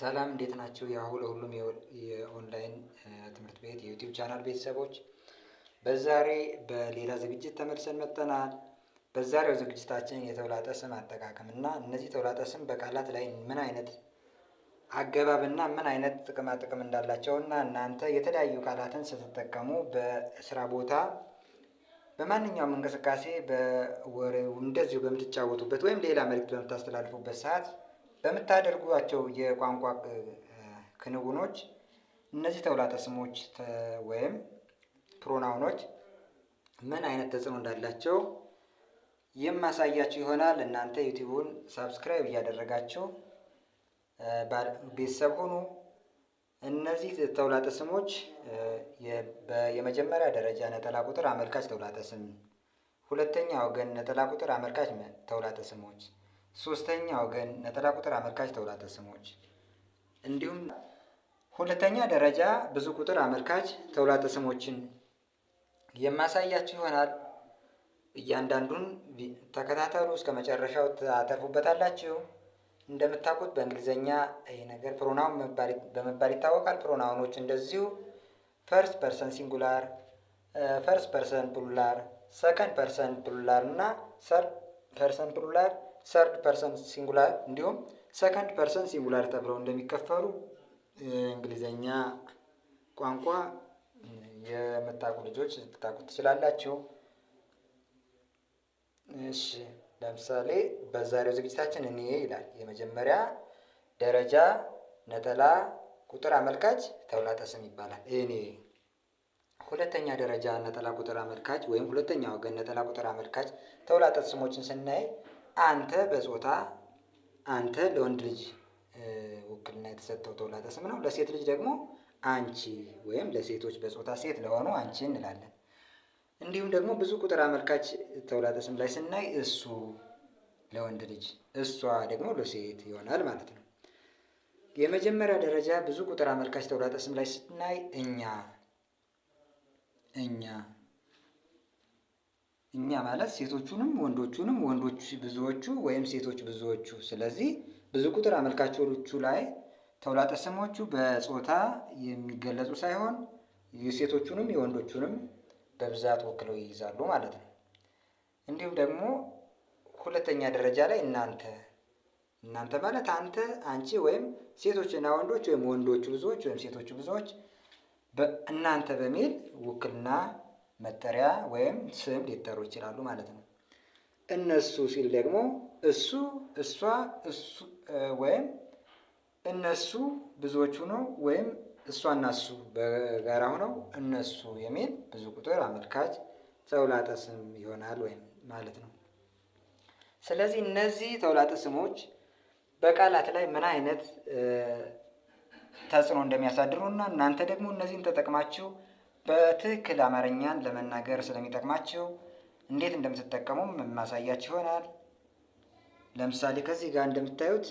ሰላም እንዴት ናችሁ? ያው ለሁሉም የኦንላይን ትምህርት ቤት የዩቲዩብ ቻናል ቤተሰቦች በዛሬ በሌላ ዝግጅት ተመልሰን መጥተናል። በዛሬው ዝግጅታችን የተውላጠ ስም አጠቃቀም እና እነዚህ ተውላጠ ስም በቃላት ላይ ምን አይነት አገባብ እና ምን አይነት ጥቅማ ጥቅም እንዳላቸው እና እናንተ የተለያዩ ቃላትን ስትጠቀሙ በስራ ቦታ በማንኛውም እንቅስቃሴ በወሬው እንደዚሁ በምትጫወቱበት ወይም ሌላ መልእክት በምታስተላልፉበት ሰዓት በምታደርጓቸው የቋንቋ ክንውኖች እነዚህ ተውላጠ ስሞች ወይም ፕሮናውኖች ምን አይነት ተጽዕኖ እንዳላቸው የማሳያችሁ ይሆናል። እናንተ ዩቲዩቡን ሳብስክራይብ እያደረጋችሁ ቤተሰብ ሁኑ። እነዚህ ተውላጠ ስሞች የመጀመሪያ ደረጃ ነጠላ ቁጥር አመልካች ተውላጠ ስም፣ ሁለተኛ ወገን ነጠላ ቁጥር አመልካች ተውላጠ ስሞች ሶስተኛ ወገን ነጠላ ቁጥር አመልካች ተውላጠ ስሞች እንዲሁም ሁለተኛ ደረጃ ብዙ ቁጥር አመልካች ተውላጠ ስሞችን የማሳያችሁ ይሆናል። እያንዳንዱን ተከታተሉ እስከ መጨረሻው ታተርፉበታላችሁ። እንደምታውቁት በእንግሊዝኛ ይህ ነገር ፕሮናውን በመባል ይታወቃል። ፕሮናውኖች እንደዚሁ ፈርስት ፐርሰን ሲንጉላር፣ ፈርስት ፐርሰን ፕሉላር፣ ሰከንድ ፐርሰን ፕሉላር እና ሰርድ ፐርሰን ፕሉላር ሰርድ ፐርሰን ሲንጉላር እንዲሁም ሰከንድ ፐርሰን ሲንጉላር ተብለው እንደሚከፈሉ እንግሊዘኛ ቋንቋ የምታውቁ ልጆች ልታውቁ ትችላላችሁ። እሺ፣ ለምሳሌ በዛሬው ዝግጅታችን እኔ ይላል የመጀመሪያ ደረጃ ነጠላ ቁጥር አመልካች ተውላጠ ስም ይባላል። እኔ ሁለተኛ ደረጃ ነጠላ ቁጥር አመልካች ወይም ሁለተኛ ወገን ነጠላ ቁጥር አመልካች ተውላጠ ስሞችን ስናይ አንተ በጾታ አንተ ለወንድ ልጅ ውክልና የተሰጠው ተውላጠ ስም ነው። ለሴት ልጅ ደግሞ አንቺ ወይም ለሴቶች በጾታ ሴት ለሆኑ አንቺ እንላለን። እንዲሁም ደግሞ ብዙ ቁጥር አመልካች ተውላጠ ስም ላይ ስናይ እሱ ለወንድ ልጅ እሷ ደግሞ ለሴት ይሆናል ማለት ነው። የመጀመሪያ ደረጃ ብዙ ቁጥር አመልካች ተውላጠ ስም ላይ ስናይ እኛ እኛ እኛ ማለት ሴቶቹንም ወንዶቹንም ወንዶች ብዙዎቹ ወይም ሴቶች ብዙዎቹ። ስለዚህ ብዙ ቁጥር አመልካቾቹ ላይ ተውላጠ ስሞቹ በጾታ የሚገለጹ ሳይሆን የሴቶቹንም የወንዶቹንም በብዛት ወክለው ይይዛሉ ማለት ነው። እንዲሁም ደግሞ ሁለተኛ ደረጃ ላይ እናንተ እናንተ ማለት አንተ፣ አንቺ ወይም ሴቶችና ወንዶች ወይም ወንዶቹ ብዙዎች ወይም ሴቶቹ ብዙዎች እናንተ በሚል ውክልና መጠሪያ ወይም ስም ሊጠሩ ይችላሉ ማለት ነው። እነሱ ሲል ደግሞ እሱ፣ እሷ፣ እሱ ወይም እነሱ ብዙዎቹ ነው ወይም እሷና እሱ በጋራ ሆነው እነሱ የሚል ብዙ ቁጥር አመልካች ተውላጠ ስም ይሆናል ወይም ማለት ነው። ስለዚህ እነዚህ ተውላጠ ስሞች በቃላት ላይ ምን አይነት ተጽዕኖ እንደሚያሳድሩ እና እናንተ ደግሞ እነዚህን ተጠቅማችሁ በትክክል አማርኛን ለመናገር ስለሚጠቅማችሁ እንዴት እንደምትጠቀሙም የማሳያችሁ ይሆናል። ለምሳሌ ከዚህ ጋር እንደምታዩት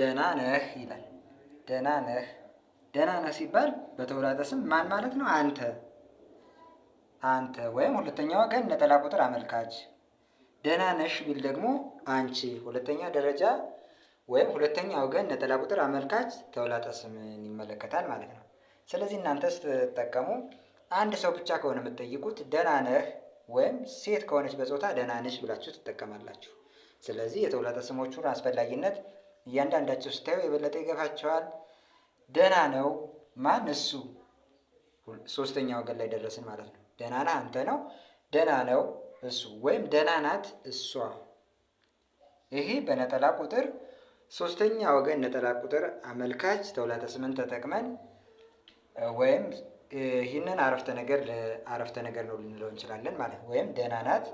ደህና ነህ ይላል። ደህና ነህ ደህና ነህ ሲባል በተወላጠ ስም ማን ማለት ነው? አንተ አንተ ወይም ሁለተኛ ወገን ነጠላ ቁጥር አመልካች። ደህና ነሽ ቢል ደግሞ አንቺ ሁለተኛ ደረጃ ወይም ሁለተኛ ወገን ነጠላ ቁጥር አመልካች ተውላጠ ስምን ይመለከታል ማለት ነው። ስለዚህ እናንተ ስትጠቀሙ አንድ ሰው ብቻ ከሆነ የምትጠይቁት ደህና ነህ ወይም ሴት ከሆነች በጾታ ደህና ነሽ ብላችሁ ትጠቀማላችሁ። ስለዚህ የተውላጠ ስሞቹን አስፈላጊነት እያንዳንዳቸው ስታዩ የበለጠ ይገፋቸዋል። ደህና ነው ማን? እሱ ሶስተኛ ወገን ላይ ደረስን ማለት ነው። ደህና ነህ አንተ ነው፣ ደህና ነው እሱ ወይም ደህና ናት እሷ። ይሄ በነጠላ ቁጥር ሶስተኛ ወገን ነጠላ ቁጥር አመልካች ተውላጠ ስምን ተጠቅመን ወይም ይህንን አረፍተ ነገር ለአረፍተ ነገር ነው ልንለው እንችላለን ማለት ነው። ወይም ደህና ናት፣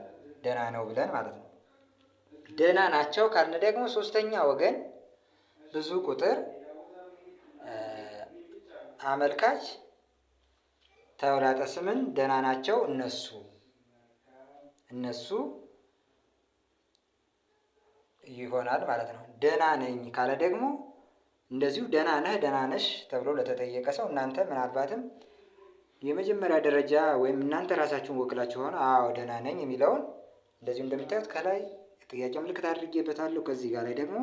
ደህና ነው ብለን ማለት ነው። ደህና ናቸው ካልን ደግሞ ሶስተኛ ወገን ብዙ ቁጥር አመልካች ተውላጠ ስምን ደህና ናቸው እነሱ እነሱ ይሆናል ማለት ነው። ደህና ነኝ ካለ ደግሞ እንደዚሁ ደህና ነህ፣ ደህና ነሽ ተብሎ ለተጠየቀ ሰው እናንተ ምናልባትም የመጀመሪያ ደረጃ ወይም እናንተ ራሳችሁን ወክላችሁ ሆነ አዎ ደህና ነኝ የሚለውን እንደዚሁ እንደምታዩት ከላይ ጥያቄ ምልክት አድርጌበታለሁ። ከዚህ ጋር ላይ ደግሞ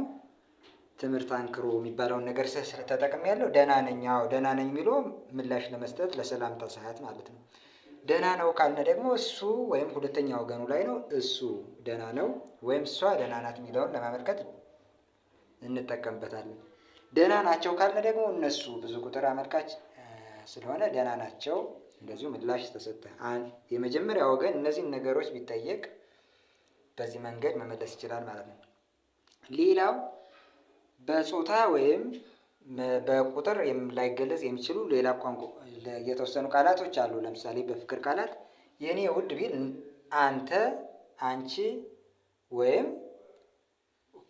ትምህርት አንክሮ የሚባለውን ነገር ተጠቅሜያለሁ። ደህና ነኝ፣ አዎ ደህና ነኝ የሚለው ምላሽ ለመስጠት ለሰላምታ ሰዓት ማለት ነው። ደህና ነው ካልነ ደግሞ እሱ ወይም ሁለተኛ ወገኑ ላይ ነው እሱ ደህና ነው ወይም እሷ ደህና ናት የሚለውን ለማመልከት እንጠቀምበታለን። ደህና ናቸው ካልነ ደግሞ እነሱ ብዙ ቁጥር አመልካች ስለሆነ ደህና ናቸው እንደዚሁ ምላሽ ተሰጠ። የመጀመሪያ ወገን እነዚህን ነገሮች ቢጠየቅ በዚህ መንገድ መመለስ ይችላል ማለት ነው። ሌላው በጾታ ወይም በቁጥር ላይገለጽ የሚችሉ ሌላ ቋንቋ የተወሰኑ ቃላቶች አሉ። ለምሳሌ በፍቅር ቃላት የኔ ውድ ቢል አንተ፣ አንቺ ወይም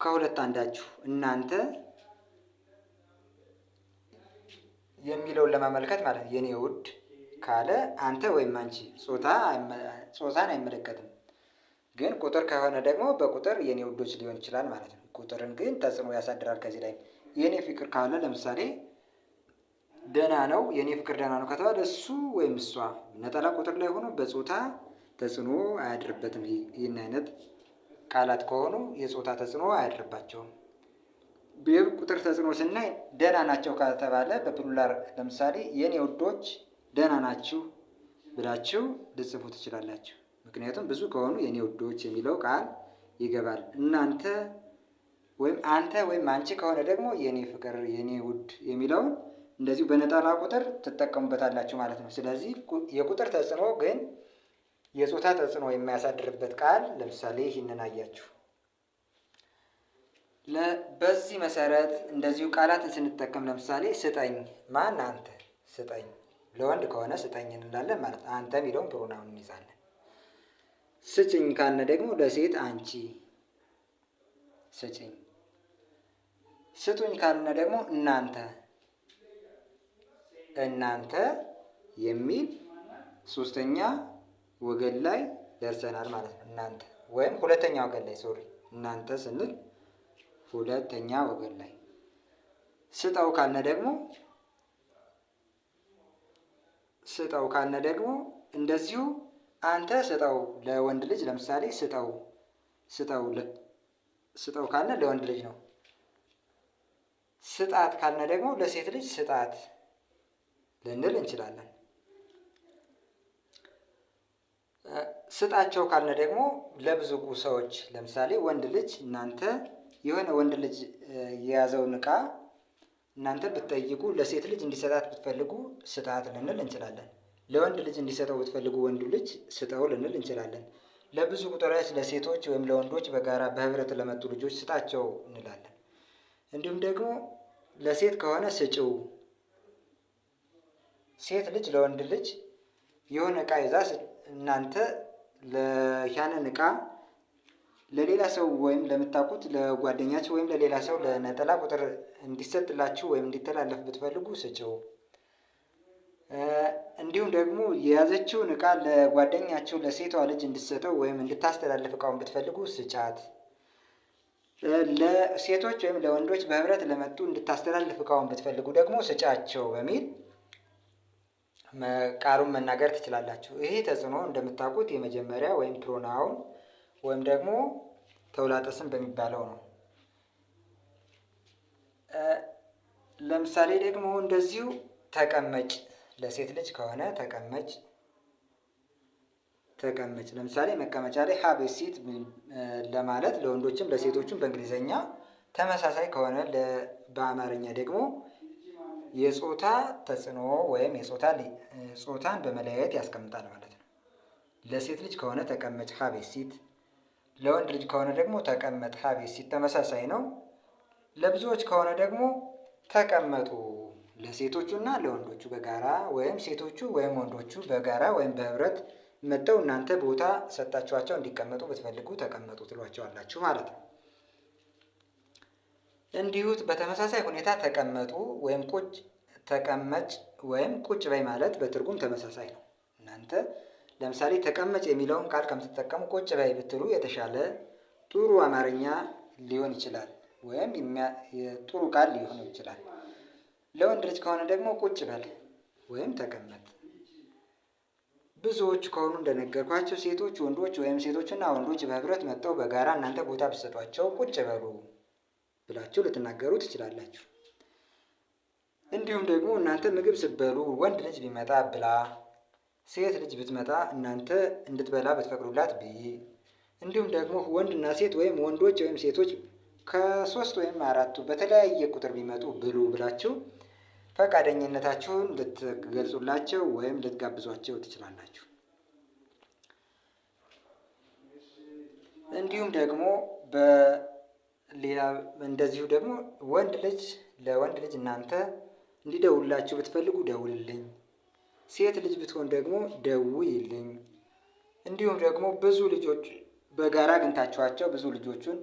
ከሁለት አንዳችሁ እናንተ የሚለውን ለማመልከት ማለት ነው። የኔ ውድ ካለ አንተ ወይም አንቺ ጾታን አይመለከትም። ግን ቁጥር ከሆነ ደግሞ በቁጥር የኔ ውዶች ሊሆን ይችላል ማለት ነው። ቁጥርን ግን ተጽዕኖ ያሳድራል ከዚህ ላይ የኔ ፍቅር ካለ ለምሳሌ ደህና ነው የኔ ፍቅር ደህና ነው ከተባለ እሱ ወይም እሷ ነጠላ ቁጥር ላይ ሆኖ በፆታ ተጽዕኖ አያድርበትም። ይህን አይነት ቃላት ከሆኑ የፆታ ተጽዕኖ አያድርባቸውም። ቁጥር ተጽዕኖ ስናይ ደህና ናቸው ከተባለ በፕሉላር ለምሳሌ የኔ ውዶች ደህና ናችሁ ብላችሁ ልጽፉ ትችላላችሁ። ምክንያቱም ብዙ ከሆኑ የኔ ውዶች የሚለው ቃል ይገባል። እናንተ ወይም አንተ ወይም አንቺ ከሆነ ደግሞ የኔ ፍቅር፣ የኔ ውድ የሚለውን እንደዚሁ በነጠላ ቁጥር ትጠቀሙበታላችሁ ማለት ነው። ስለዚህ የቁጥር ተጽዕኖ ግን የጾታ ተጽዕኖ የሚያሳድርበት ቃል ለምሳሌ ይህንን አያችሁ። በዚህ መሰረት እንደዚሁ ቃላትን ስንጠቀም ለምሳሌ ስጠኝ፣ ማን አንተ፣ ስጠኝ ለወንድ ከሆነ ስጠኝ እንላለን ማለት አንተ የሚለውን ፕሮናውን እንይዛለን። ስጭኝ ካለ ደግሞ ለሴት አንቺ ስጪኝ። ስጡኝ ካልነ ደግሞ እናንተ እናንተ የሚል ሶስተኛ ወገን ላይ ደርሰናል ማለት ነው። እናንተ ወይም ሁለተኛ ወገን ላይ ሶሪ፣ እናንተ ስንል ሁለተኛ ወገን ላይ። ስጠው ካልነ ደግሞ ስጠው ካልነ ደግሞ እንደዚሁ አንተ ስጠው ለወንድ ልጅ ለምሳሌ ስጠው ስጠው ስጠው ካልነ ለወንድ ልጅ ነው። ስጣት ካልነ ደግሞ ለሴት ልጅ ስጣት ልንል እንችላለን። ስጣቸው ካልነ ደግሞ ለብዙ ሰዎች ለምሳሌ ወንድ ልጅ እናንተ የሆነ ወንድ ልጅ የያዘውን እቃ እናንተ ብትጠይቁ ለሴት ልጅ እንዲሰጣት ብትፈልጉ ስጣት ልንል እንችላለን። ለወንድ ልጅ እንዲሰጠው ብትፈልጉ ወንዱ ልጅ ስጠው ልንል እንችላለን። ለብዙ ቁጥራች ለሴቶች ወይም ለወንዶች በጋራ በህብረት ለመጡ ልጆች ስጣቸው እንላለን። እንዲሁም ደግሞ ለሴት ከሆነ ስጭው፣ ሴት ልጅ ለወንድ ልጅ የሆነ እቃ ይዛ እናንተ ያንን እቃ ለሌላ ሰው ወይም ለምታውቁት ለጓደኛችሁ ወይም ለሌላ ሰው ለነጠላ ቁጥር እንዲሰጥላችሁ ወይም እንዲተላለፍ ብትፈልጉ ስጭው። እንዲሁም ደግሞ የያዘችውን እቃ ለጓደኛቸው ለሴቷ ልጅ እንድትሰጠው ወይም እንድታስተላልፍ እቃውን ብትፈልጉ ስጫት። ለሴቶች ወይም ለወንዶች በህብረት ለመጡ እንድታስተላልፍ እቃውን ብትፈልጉ ደግሞ ስጫቸው በሚል ቃሉን መናገር ትችላላችሁ። ይሄ ተጽዕኖ እንደምታውቁት የመጀመሪያ ወይም ፕሮናውን ወይም ደግሞ ተውላጠ ስም በሚባለው ነው። ለምሳሌ ደግሞ እንደዚሁ ተቀመጭ ለሴት ልጅ ከሆነ ተቀመጭ ተቀመጭ። ለምሳሌ መቀመጫ ላይ ሀብ ሲት ለማለት ለወንዶችም ለሴቶችም በእንግሊዘኛ ተመሳሳይ ከሆነ በአማርኛ ደግሞ የጾታ ተጽዕኖ ወይም የጾታ ጾታን በመለያየት ያስቀምጣል ማለት ነው። ለሴት ልጅ ከሆነ ተቀመጭ ሀብ ሲት፣ ለወንድ ልጅ ከሆነ ደግሞ ተቀመጥ ሀብ ሲት ተመሳሳይ ነው። ለብዙዎች ከሆነ ደግሞ ተቀመጡ ለሴቶቹና ለወንዶቹ በጋራ ወይም ሴቶቹ ወይም ወንዶቹ በጋራ ወይም በህብረት መጥተው እናንተ ቦታ ሰጣችኋቸው እንዲቀመጡ ብትፈልጉ ተቀመጡ ትሏቸዋላችሁ ማለት ነው። እንዲሁ በተመሳሳይ ሁኔታ ተቀመጡ ወይም ቁጭ ተቀመጭ ወይም ቁጭ በይ ማለት በትርጉም ተመሳሳይ ነው። እናንተ ለምሳሌ ተቀመጭ የሚለውን ቃል ከምትጠቀሙ ቁጭ በይ ብትሉ የተሻለ ጥሩ አማርኛ ሊሆን ይችላል፣ ወይም ጥሩ ቃል ሊሆን ይችላል። ለወንድ ልጅ ከሆነ ደግሞ ቁጭ በል ወይም ተቀመጥ። ብዙዎች ከሆኑ እንደነገርኳቸው ሴቶች፣ ወንዶች ወይም ሴቶችና ወንዶች በህብረት መጥተው በጋራ እናንተ ቦታ ብትሰጧቸው ቁጭ በሉ ብላችሁ ልትናገሩ ትችላላችሁ። እንዲሁም ደግሞ እናንተ ምግብ ስትበሉ ወንድ ልጅ ቢመጣ ብላ፣ ሴት ልጅ ብትመጣ እናንተ እንድትበላ ብትፈቅዱላት ብይ። እንዲሁም ደግሞ ወንድና ሴት ወይም ወንዶች ወይም ሴቶች ከሶስት ወይም አራቱ በተለያየ ቁጥር ቢመጡ ብሉ ብላችሁ ፈቃደኝነታችሁን ልትገልጹላቸው ወይም ልትጋብዟቸው ትችላላችሁ። እንዲሁም ደግሞ በሌላ እንደዚሁ ደግሞ ወንድ ልጅ ለወንድ ልጅ እናንተ እንዲደውላችሁ ብትፈልጉ ደውልልኝ፣ ሴት ልጅ ብትሆን ደግሞ ደውይልኝ። እንዲሁም ደግሞ ብዙ ልጆች በጋራ አግኝታችኋቸው ብዙ ልጆቹን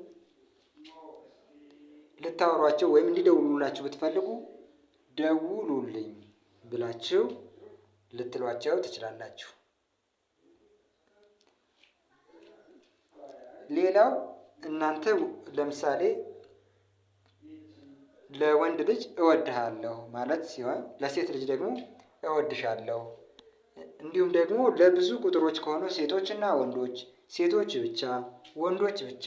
ልታወሯቸው ወይም እንዲደውሉላችሁ ብትፈልጉ ደውሉልኝ ብላችሁ ልትሏቸው ትችላላችሁ። ሌላው እናንተ ለምሳሌ ለወንድ ልጅ እወድሃለሁ ማለት ሲሆን ለሴት ልጅ ደግሞ እወድሻለሁ። እንዲሁም ደግሞ ለብዙ ቁጥሮች ከሆኑ ሴቶች እና ወንዶች፣ ሴቶች ብቻ፣ ወንዶች ብቻ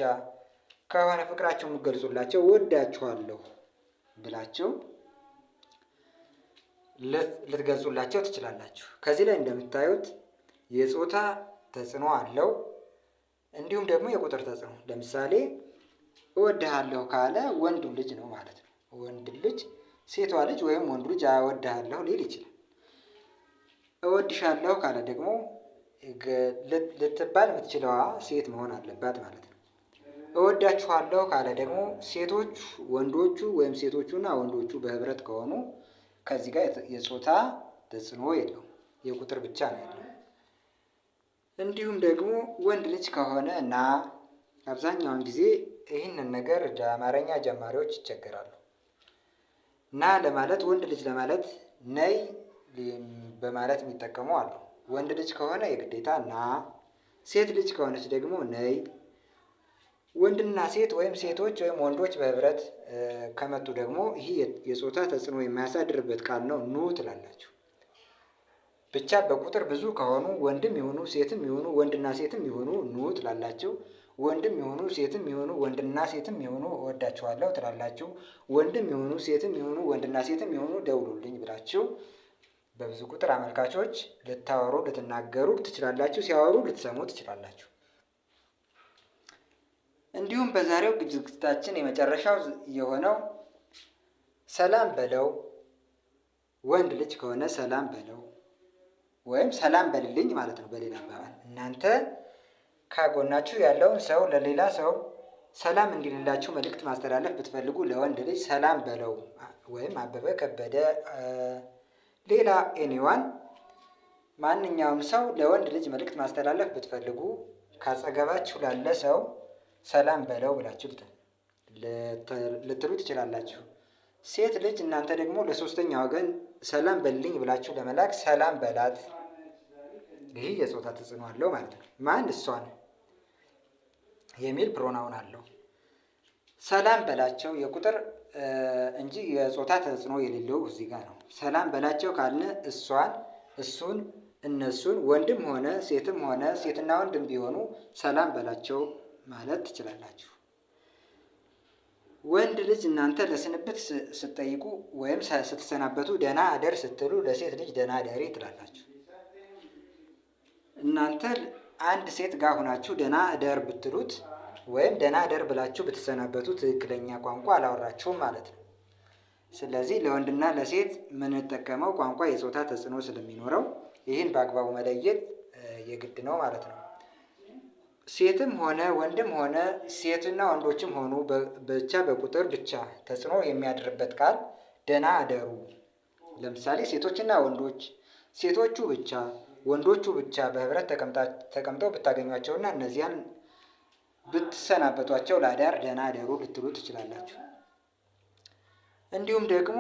ከሆነ ፍቅራቸው የምትገልጹላቸው ወዳችኋለሁ ብላቸው ልትገልጹላቸው ትችላላችሁ። ከዚህ ላይ እንደምታዩት የጾታ ተጽዕኖ አለው። እንዲሁም ደግሞ የቁጥር ተጽዕኖ ለምሳሌ እወድሃለሁ ካለ ወንዱ ልጅ ነው ማለት ነው። ወንድ ልጅ ሴቷ ልጅ ወይም ወንዱ ልጅ እወድሃለሁ ሊል ይችላል። እወድሻለሁ ካለ ደግሞ ልትባል የምትችለዋ ሴት መሆን አለባት ማለት ነው። እወዳችኋለሁ ካለ ደግሞ ሴቶች ወንዶቹ ወይም ሴቶቹና ወንዶቹ በህብረት ከሆኑ ከዚህ ጋር የጾታ ተጽዕኖ የለው የቁጥር ብቻ ነው ያለው። እንዲሁም ደግሞ ወንድ ልጅ ከሆነ ና አብዛኛውን ጊዜ ይህንን ነገር ለአማርኛ ጀማሪዎች ይቸገራሉ። ና ለማለት ወንድ ልጅ ለማለት ነይ በማለት የሚጠቀሙ አሉ። ወንድ ልጅ ከሆነ የግዴታ ና፣ ሴት ልጅ ከሆነች ደግሞ ነይ ወንድና ሴት ወይም ሴቶች ወይም ወንዶች በህብረት ከመጡ ደግሞ ይህ የጾታ ተጽዕኖ የሚያሳድርበት ቃል ነው ኑ ትላላችሁ። ብቻ በቁጥር ብዙ ከሆኑ ወንድም የሆኑ ሴትም የሆኑ ወንድና ሴትም የሆኑ ኑ ትላላችሁ። ወንድም የሆኑ ሴትም የሆኑ ወንድና ሴትም የሆኑ እወዳችኋለሁ ትላላችሁ። ወንድም የሆኑ ሴትም የሆኑ ወንድና ሴትም የሆኑ ደውሉልኝ ብላችሁ በብዙ ቁጥር አመልካቾች ልታወሩ ልትናገሩ ትችላላችሁ። ሲያወሩ ልትሰሙ ትችላላችሁ። እንዲሁም በዛሬው ዝግጅታችን የመጨረሻው የሆነው ሰላም በለው ወንድ ልጅ ከሆነ ሰላም በለው ወይም ሰላም በልልኝ ማለት ነው። በሌላ አባባል እናንተ ካጎናችሁ ያለውን ሰው ለሌላ ሰው ሰላም እንዲልላችሁ መልእክት ማስተላለፍ ብትፈልጉ ለወንድ ልጅ ሰላም በለው ወይም አበበ ከበደ፣ ሌላ ኤኒዋን ማንኛውም ሰው ለወንድ ልጅ መልእክት ማስተላለፍ ብትፈልጉ ካጸገባችሁ ላለ ሰው ሰላም በለው ብላችሁ ልትሉ ትችላላችሁ። ሴት ልጅ እናንተ ደግሞ ለሶስተኛ ወገን ሰላም በልኝ ብላችሁ ለመላክ ሰላም በላት። ይህ የጾታ ተጽዕኖ አለው ማለት ነው። ማን እሷን የሚል ፕሮናውን አለው። ሰላም በላቸው የቁጥር እንጂ የጾታ ተጽዕኖ የሌለው እዚህ ጋር ነው። ሰላም በላቸው ካልን እሷን፣ እሱን፣ እነሱን ወንድም ሆነ ሴትም ሆነ ሴትና ወንድም ቢሆኑ ሰላም በላቸው ማለት ትችላላችሁ። ወንድ ልጅ እናንተ ለስንብት ስትጠይቁ ወይም ስትሰናበቱ ደህና አደር ስትሉ ለሴት ልጅ ደህና አደሪ ትላላችሁ። እናንተ አንድ ሴት ጋር ሁናችሁ ደህና አደር ብትሉት ወይም ደህና አደር ብላችሁ ብትሰናበቱ ትክክለኛ ቋንቋ አላወራችሁም ማለት ነው። ስለዚህ ለወንድና ለሴት የምንጠቀመው ቋንቋ የጾታ ተጽዕኖ ስለሚኖረው ይህን በአግባቡ መለየት የግድ ነው ማለት ነው። ሴትም ሆነ ወንድም ሆነ ሴትና ወንዶችም ሆኑ ብቻ በቁጥር ብቻ ተጽዕኖ የሚያድርበት ቃል ደህና አደሩ። ለምሳሌ ሴቶችና ወንዶች፣ ሴቶቹ ብቻ፣ ወንዶቹ ብቻ በህብረት ተቀምጠው ብታገኟቸውና እነዚያን ብትሰናበቷቸው ለአዳር ደህና አደሩ ልትሉ ትችላላችሁ። እንዲሁም ደግሞ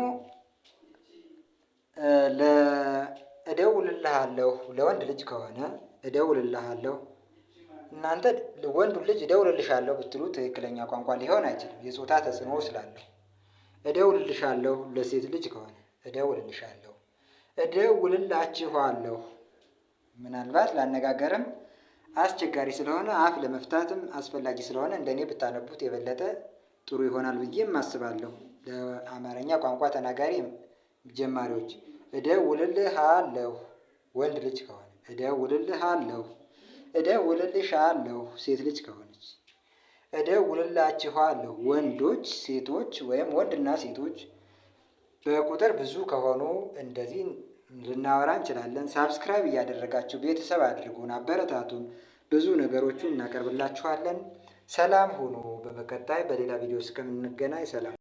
ለእደውልልሃለሁ ለወንድ ልጅ ከሆነ እደውልልሃለሁ እናንተ ወንዱ ልጅ እደውልልሻለሁ ብትሉ ትክክለኛ ቋንቋ ሊሆን አይችልም፣ የጾታ ተጽዕኖ ስላለሁ። እደውልልሻለሁ ለሴት ልጅ ከሆነ እደውልልሻለሁ፣ እደውልላችኋለሁ ምናልባት ላነጋገርም አስቸጋሪ ስለሆነ አፍ ለመፍታትም አስፈላጊ ስለሆነ እንደኔ ብታነቡት የበለጠ ጥሩ ይሆናል ብዬም አስባለሁ። ለአማርኛ ቋንቋ ተናጋሪ ጀማሪዎች እደውልልሃለሁ ወንድ ልጅ ከሆነ እደውልልሃለሁ እደውልልሻለሁ ሴት ልጅ ከሆነች እደውልላችኋለሁ ወንዶች ሴቶች ወይም ወንድና ሴቶች በቁጥር ብዙ ከሆኑ እንደዚህ ልናወራ እንችላለን። ሳብስክራይብ እያደረጋችሁ ቤተሰብ አድርጉን፣ አበረታቱን። ብዙ ነገሮችን እናቀርብላችኋለን። ሰላም ሁኑ። በመቀጣይ በሌላ ቪዲዮ እስከምንገናኝ ሰላም